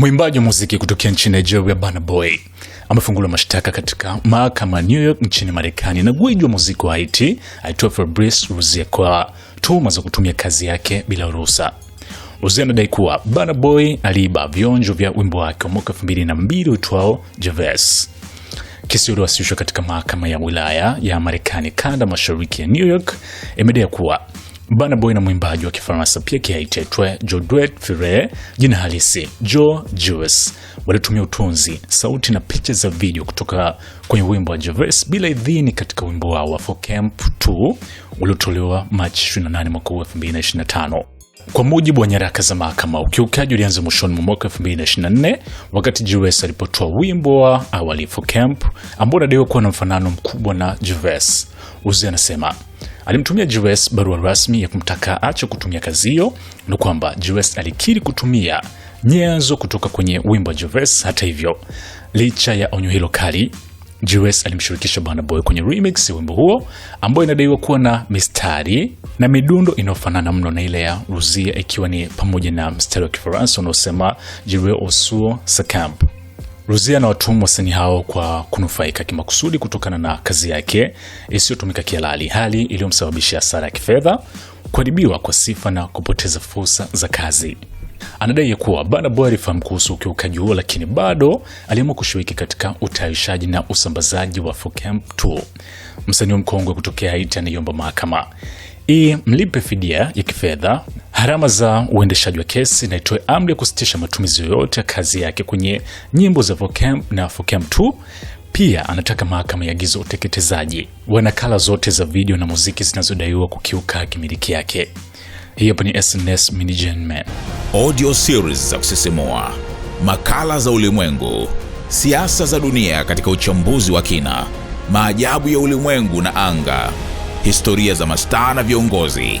Mwimbaji wa muziki kutokea nchini Nigeria Burna Boy amefunguliwa mashtaka katika mahakama ya New York nchini Marekani na gwiji wa muziki wa Haiti aitwa Fabrice Ruzie kwa tuhuma za kutumia kazi yake bila ruhusa. Ruzie anadai kuwa Burna Boy aliiba vionjo vya wimbo wake wa mwaka 2002 uitwao Jeves. Kesi iliyowasilishwa katika mahakama ya wilaya ya Marekani kanda mashariki ya New York imedai kuwa bana Boy na mwimbaji wa Kifaransa pia kiaitetwe Jodwet Fire, jina halisi Jo Juice, walitumia utunzi, sauti na picha za video kutoka kwenye wimbo wa Jervais bila idhini katika wimbo wao wa For Camp 2 uliotolewa Machi 28 mwaka 2025. Kwa mujibu wa nyaraka za mahakama, ukiukaji ulianza mwishoni mwa mwaka 2024 wakati Juice alipotoa wimbo wa awali For Camp ambao unadaiwa kuwa na mfanano mkubwa na Jervais. Uzi anasema alimtumia GS barua rasmi ya kumtaka acho kutumia kazi hiyo, na kwamba GS alikiri kutumia nyenzo kutoka kwenye wimbo wa GS. Hata hivyo, licha ya onyo hilo kali, GS alimshirikisha Burna Boy kwenye remix ya wimbo huo ambayo inadaiwa kuwa na mistari na midundo inayofanana mno na ile ya Ruzia, ikiwa ni pamoja na mstari wa Kifaransa unaosema jire osuo secamp Ruzia na watumwa wasanii hao kwa kunufaika kimakusudi kutokana na kazi yake isiyotumika kihalali, hali iliyomsababishia hasara ya kifedha, kuharibiwa kwa sifa na kupoteza fursa za kazi. Anadai kuwa Burna Boy alifahamu kuhusu ukiukaji huo, lakini bado aliamua kushiriki katika utayarishaji na usambazaji wa 4camp2. Msanii mkongwe kutokea Haiti anaiomba mahakama mlipe fidia ya kifedha harama za uendeshaji wa kesi na itoe amri ya kusitisha matumizi yoyote ya kazi yake kwenye nyimbo za Vocam na Vocam 2. Pia anataka mahakama yaagiza uteketezaji wa nakala zote za video na muziki zinazodaiwa kukiuka kimiliki yake. hiyo ni SNS Mini Gen Man, audio series za kusisimua, makala za ulimwengu, siasa za dunia katika uchambuzi wa kina, maajabu ya ulimwengu na anga, historia za mastaa na viongozi